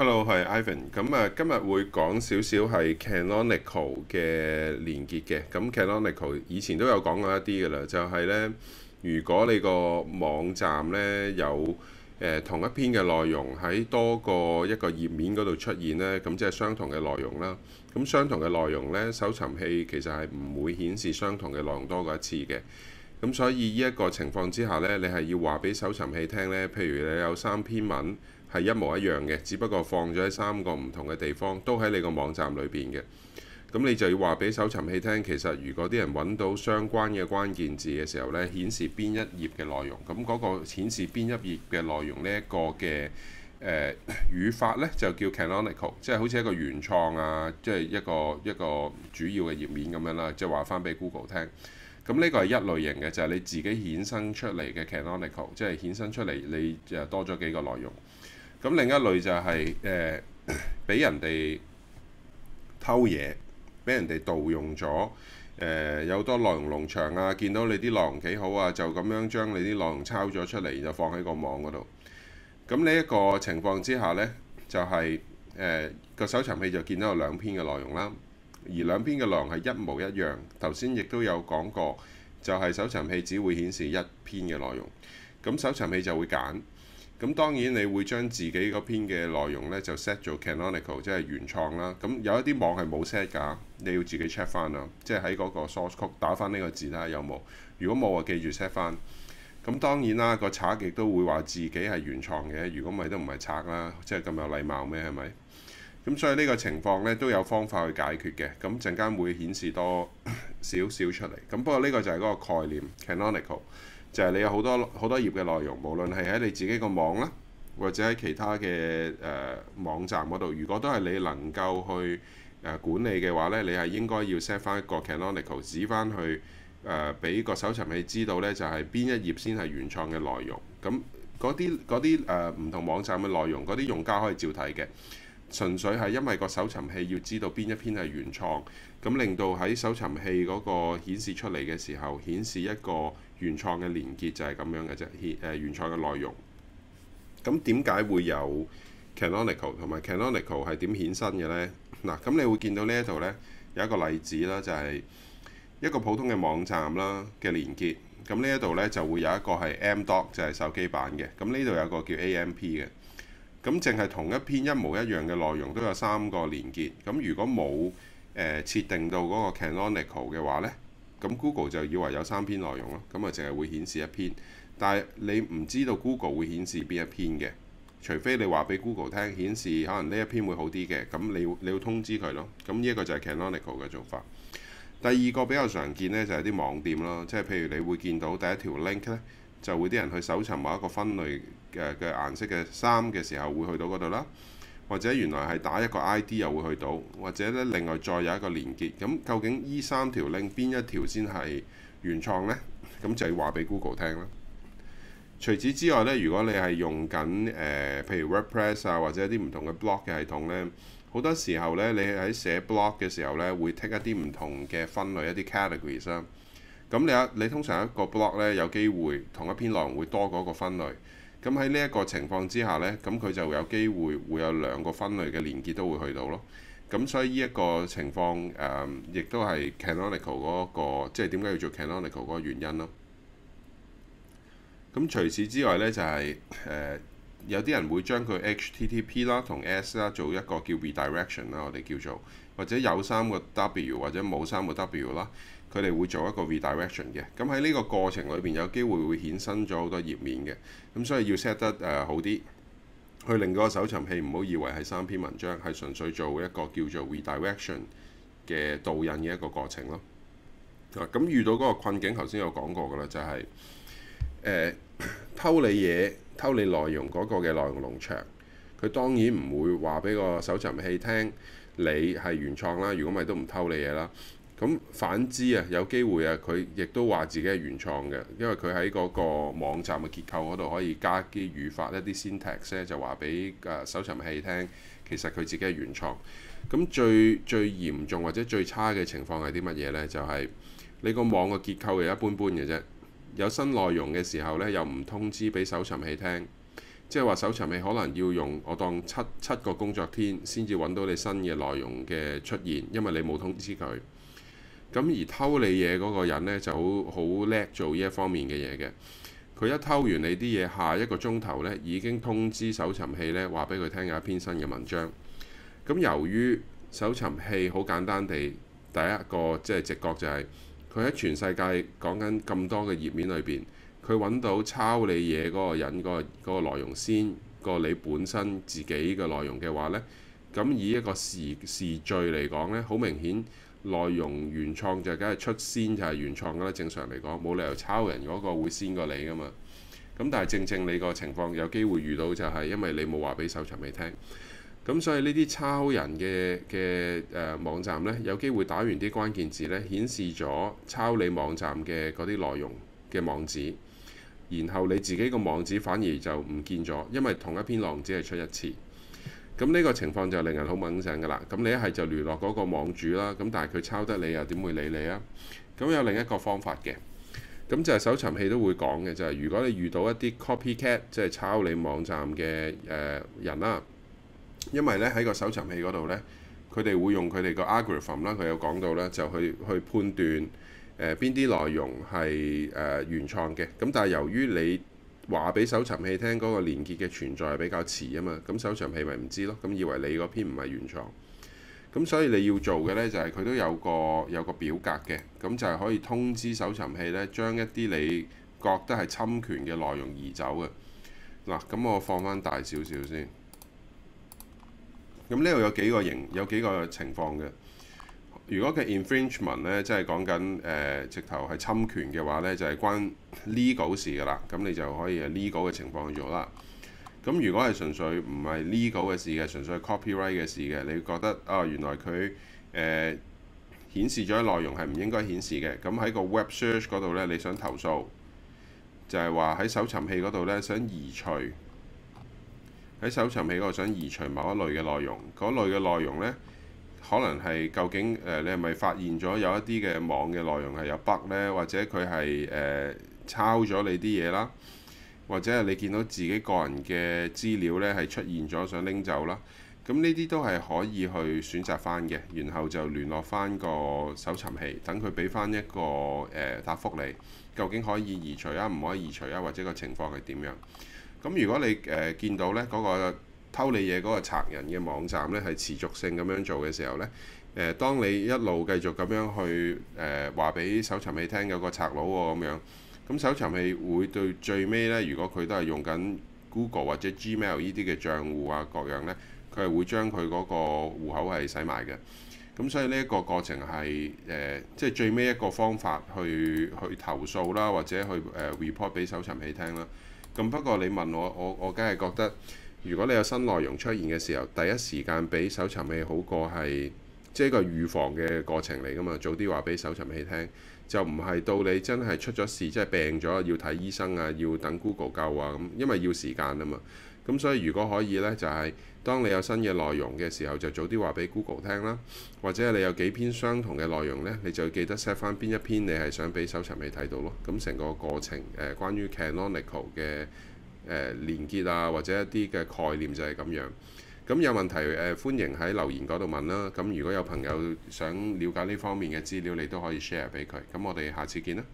Hello，係 Ivan。咁啊，今日會講少少係 Canonical 嘅連結嘅。咁 Canonical 以前都有講過一啲嘅啦，就係呢：如果你個網站呢有誒同一篇嘅內容喺多過一個頁面嗰度出現呢，咁即係相同嘅內容啦。咁相同嘅內容呢，搜尋器其實係唔會顯示相同嘅內容多過一次嘅。咁所以呢一個情況之下呢，你係要話俾搜尋器聽呢，譬如你有三篇文。係一模一樣嘅，只不過放咗喺三個唔同嘅地方，都喺你個網站裏邊嘅。咁你就要話俾搜尋器聽，其實如果啲人揾到相關嘅關鍵字嘅時候呢，顯示邊一頁嘅內容。咁嗰個顯示邊一頁嘅內容，呢一個嘅誒、呃、語法呢，就叫 canonical，即係好似一個原創啊，即係一個一個主要嘅頁面咁樣啦。即係話翻俾 Google 聽。咁呢個係一類型嘅，就係、是、你自己衍生出嚟嘅 canonical，即係衍生出嚟你就多咗幾個內容。咁另一類就係誒俾人哋偷嘢，俾人哋盜用咗。誒、呃、有好多內容農場啊，見到你啲內容幾好啊，就咁樣將你啲內容抄咗出嚟，就放喺個網嗰度。咁呢一個情況之下呢，就係誒個搜尋器就見到有兩篇嘅內容啦。而兩篇嘅內容係一模一樣。頭先亦都有講過，就係、是、搜尋器只會顯示一篇嘅內容。咁、嗯、搜尋器就會揀。咁當然你會將自己嗰篇嘅內容呢就 set 做 canonical，即係原創啦。咁有一啲網係冇 set 㗎，你要自己 check 翻啦，即係喺嗰個 source code 打翻呢個字睇下有冇。如果冇啊，記住 set 翻。咁當然啦，個賊亦都會話自己係原創嘅。如果唔係都唔係賊啦，即係咁有禮貌咩？係咪？咁所以呢個情況呢，都有方法去解決嘅。咁陣間會顯示多少 少出嚟。咁不過呢個就係嗰個概念 canonical。Can 就係你有好多好多頁嘅內容，無論係喺你自己個網啦，或者喺其他嘅誒、呃、網站嗰度，如果都係你能夠去誒、呃、管理嘅話呢，你係應該要 set 翻一個 canonical 指翻去誒俾個搜尋器知道呢，就係、是、邊一頁先係原創嘅內容。咁嗰啲啲誒唔同網站嘅內容，嗰啲用家可以照睇嘅，純粹係因為個搜尋器要知道邊一篇係原創，咁令到喺搜尋器嗰個顯示出嚟嘅時候顯示一個。原創嘅連結就係咁樣嘅啫，原創嘅內容。咁點解會有 canonical 同埋 canonical 係點衍生嘅呢？嗱，咁你會見到呢一度呢，有一個例子啦，就係、是、一個普通嘅網站啦嘅連結。咁呢一度呢，就會有一個係 m doc 就係手機版嘅。咁呢度有個叫 a m p 嘅。咁淨係同一篇一模一樣嘅內容都有三個連結。咁如果冇誒設定到嗰個 canonical 嘅話呢？咁 Google 就以為有三篇內容咯，咁啊，淨係會顯示一篇，但係你唔知道 Google 會顯示邊一篇嘅，除非你話俾 Google 聽顯示可能呢一篇會好啲嘅，咁你你要通知佢咯。咁呢一個就係 Canonical 嘅做法。第二個比較常見呢，就係、是、啲網店咯，即係譬如你會見到第一條 link 呢，就會啲人去搜尋某一個分類嘅嘅顏色嘅衫嘅時候會去到嗰度啦。或者原來係打一個 ID 又會去到，或者咧另外再有一個連結，咁究竟依三條 link 邊一條先係原創呢？咁就要話俾 Google 聽啦。除此之外呢，如果你係用緊誒，譬、呃、如 WordPress 啊，或者一啲唔同嘅 blog 嘅系統呢，好多時候呢，你喺寫 blog 嘅時候呢，會 take 一啲唔同嘅分類一啲 categories 啦、啊。咁你一你通常一個 blog 咧有機會同一篇內容會多過一個分類。咁喺呢一個情況之下呢，咁佢就有機會會有兩個分類嘅連結都會去到咯。咁所以呢一個情況誒、呃，亦都係 canonical 嗰，那個，即係點解要做 canonical 嗰個原因咯。咁除此之外呢，就係、是、誒、呃、有啲人會將佢 HTTP 啦同 S 啦做一個叫 redirection 啦，我哋叫做或者有三個 W 或者冇三個 W 啦。佢哋會做一個 redirection 嘅，咁喺呢個過程裏邊有機會會衍生咗好多頁面嘅，咁所以要 set 得誒、呃、好啲，去令個搜尋器唔好以為係三篇文章，係純粹做一個叫做 redirection 嘅導引嘅一個過程咯。啊，咁遇到嗰個困境，頭先有講過噶啦，就係、是呃、偷你嘢、偷你內容嗰個嘅內容農場，佢當然唔會話俾個搜尋器聽你係原創啦，如果咪都唔偷你嘢啦。咁反之啊，有機會啊，佢亦都話自己係原創嘅，因為佢喺嗰個網站嘅結構嗰度可以加啲語法一啲先 text 咧，就話俾誒搜尋器聽，其實佢自己係原創。咁最最嚴重或者最差嘅情況係啲乜嘢呢？就係、是、你個網嘅結構又一般般嘅啫，有新內容嘅時候呢，又唔通知俾搜尋器聽，即係話搜尋器可能要用我當七七個工作天先至揾到你新嘅內容嘅出現，因為你冇通知佢。咁而偷你嘢嗰個人呢，就好好叻做呢一方面嘅嘢嘅。佢一偷完你啲嘢，下一個鐘頭呢已經通知搜尋器呢話俾佢聽有一篇新嘅文章。咁由於搜尋器好簡單地第一個即係直覺就係佢喺全世界講緊咁多嘅頁面裏邊，佢揾到抄你嘢嗰個人嗰個嗰個內容先個你本身自己嘅內容嘅話呢，咁以一個時時序嚟講呢，好明顯。內容原創就梗係出先就係原創噶啦，正常嚟講冇理由抄人嗰個會先過你噶嘛。咁但係正正你個情況有機會遇到就係因為你冇話俾搜尋咪聽，咁所以呢啲抄人嘅嘅誒網站呢，有機會打完啲關鍵字呢，顯示咗抄你網站嘅嗰啲內容嘅網址，然後你自己個網址反而就唔見咗，因為同一篇浪只係出一次。咁呢個情況就令人好掹神㗎啦。咁你一係就聯絡嗰個網主啦。咁但係佢抄得你又點會理你啊？咁有另一個方法嘅，咁就係搜尋器都會講嘅，就係、是、如果你遇到一啲 copycat 即係抄你網站嘅誒人啦，因為呢喺個搜尋器嗰度呢，佢哋會用佢哋個 algorithm 啦，佢有講到咧就去去判斷誒邊啲內容係誒原創嘅。咁但係由於你話俾搜尋器聽嗰個連結嘅存在係比較遲啊嘛，咁搜尋器咪唔知咯，咁以為你嗰篇唔係原創，咁所以你要做嘅呢，就係佢都有個有個表格嘅，咁就係可以通知搜尋器呢，將一啲你覺得係侵權嘅內容移走嘅。嗱，咁我放翻大少少先，咁呢度有幾個型有幾個情況嘅。如果嘅 infringement 咧，即係講緊誒直頭係侵權嘅話咧，就係、是、關 legal 事㗎啦。咁你就可以喺 legal 嘅情況去做啦。咁如果係純粹唔係 legal 嘅事嘅，純粹係 copyright 嘅事嘅，你覺得啊，原來佢誒、呃、顯示咗啲內容係唔應該顯示嘅，咁喺個 web search 嗰度咧，你想投訴，就係話喺搜尋器嗰度咧，想移除喺搜尋器嗰度想移除某一類嘅內容，嗰類嘅內容咧。可能係究竟誒、呃，你係咪發現咗有一啲嘅網嘅內容係有 bug 呢，或者佢係誒抄咗你啲嘢啦，或者係你見到自己個人嘅資料呢係出現咗想拎走啦，咁呢啲都係可以去選擇翻嘅，然後就聯絡翻個搜尋器，等佢俾翻一個誒、呃、答覆你，究竟可以移除啊，唔可以移除啊，或者個情況係點樣？咁如果你誒見到呢嗰、嗰個，偷你嘢嗰個賊人嘅網站呢，係持續性咁樣做嘅時候呢。誒、呃，當你一路繼續咁樣去誒話俾搜尋器聽有、個賊佬喎咁樣，咁搜尋器會對最尾呢，如果佢都係用緊 Google 或者 Gmail 呢啲嘅賬戶啊各樣呢，佢係會將佢嗰個戶口係洗埋嘅。咁所以呢一個過程係誒，即、呃、係、就係、最尾一個方法去去投訴啦，或者去誒 report 俾搜尋器聽啦。咁不過你問我，我我梗係覺得。如果你有新內容出現嘅時候，第一時間俾搜尋器好過係，即係一個預防嘅過程嚟噶嘛，早啲話俾搜尋器聽，就唔係到你真係出咗事，即係病咗要睇醫生啊，要等 Google 救啊咁，因為要時間啊嘛。咁所以如果可以呢，就係當你有新嘅內容嘅時候，就早啲話俾 Google 聽啦。或者你有幾篇相同嘅內容呢，你就記得 set 翻邊一篇你係想俾搜尋器睇到咯。咁成個過程誒，關於 canonical 嘅。誒、呃、連結啊，或者一啲嘅概念就係咁樣。咁有問題誒、呃，歡迎喺留言嗰度問啦。咁如果有朋友想了解呢方面嘅資料，你都可以 share 俾佢。咁我哋下次見啦。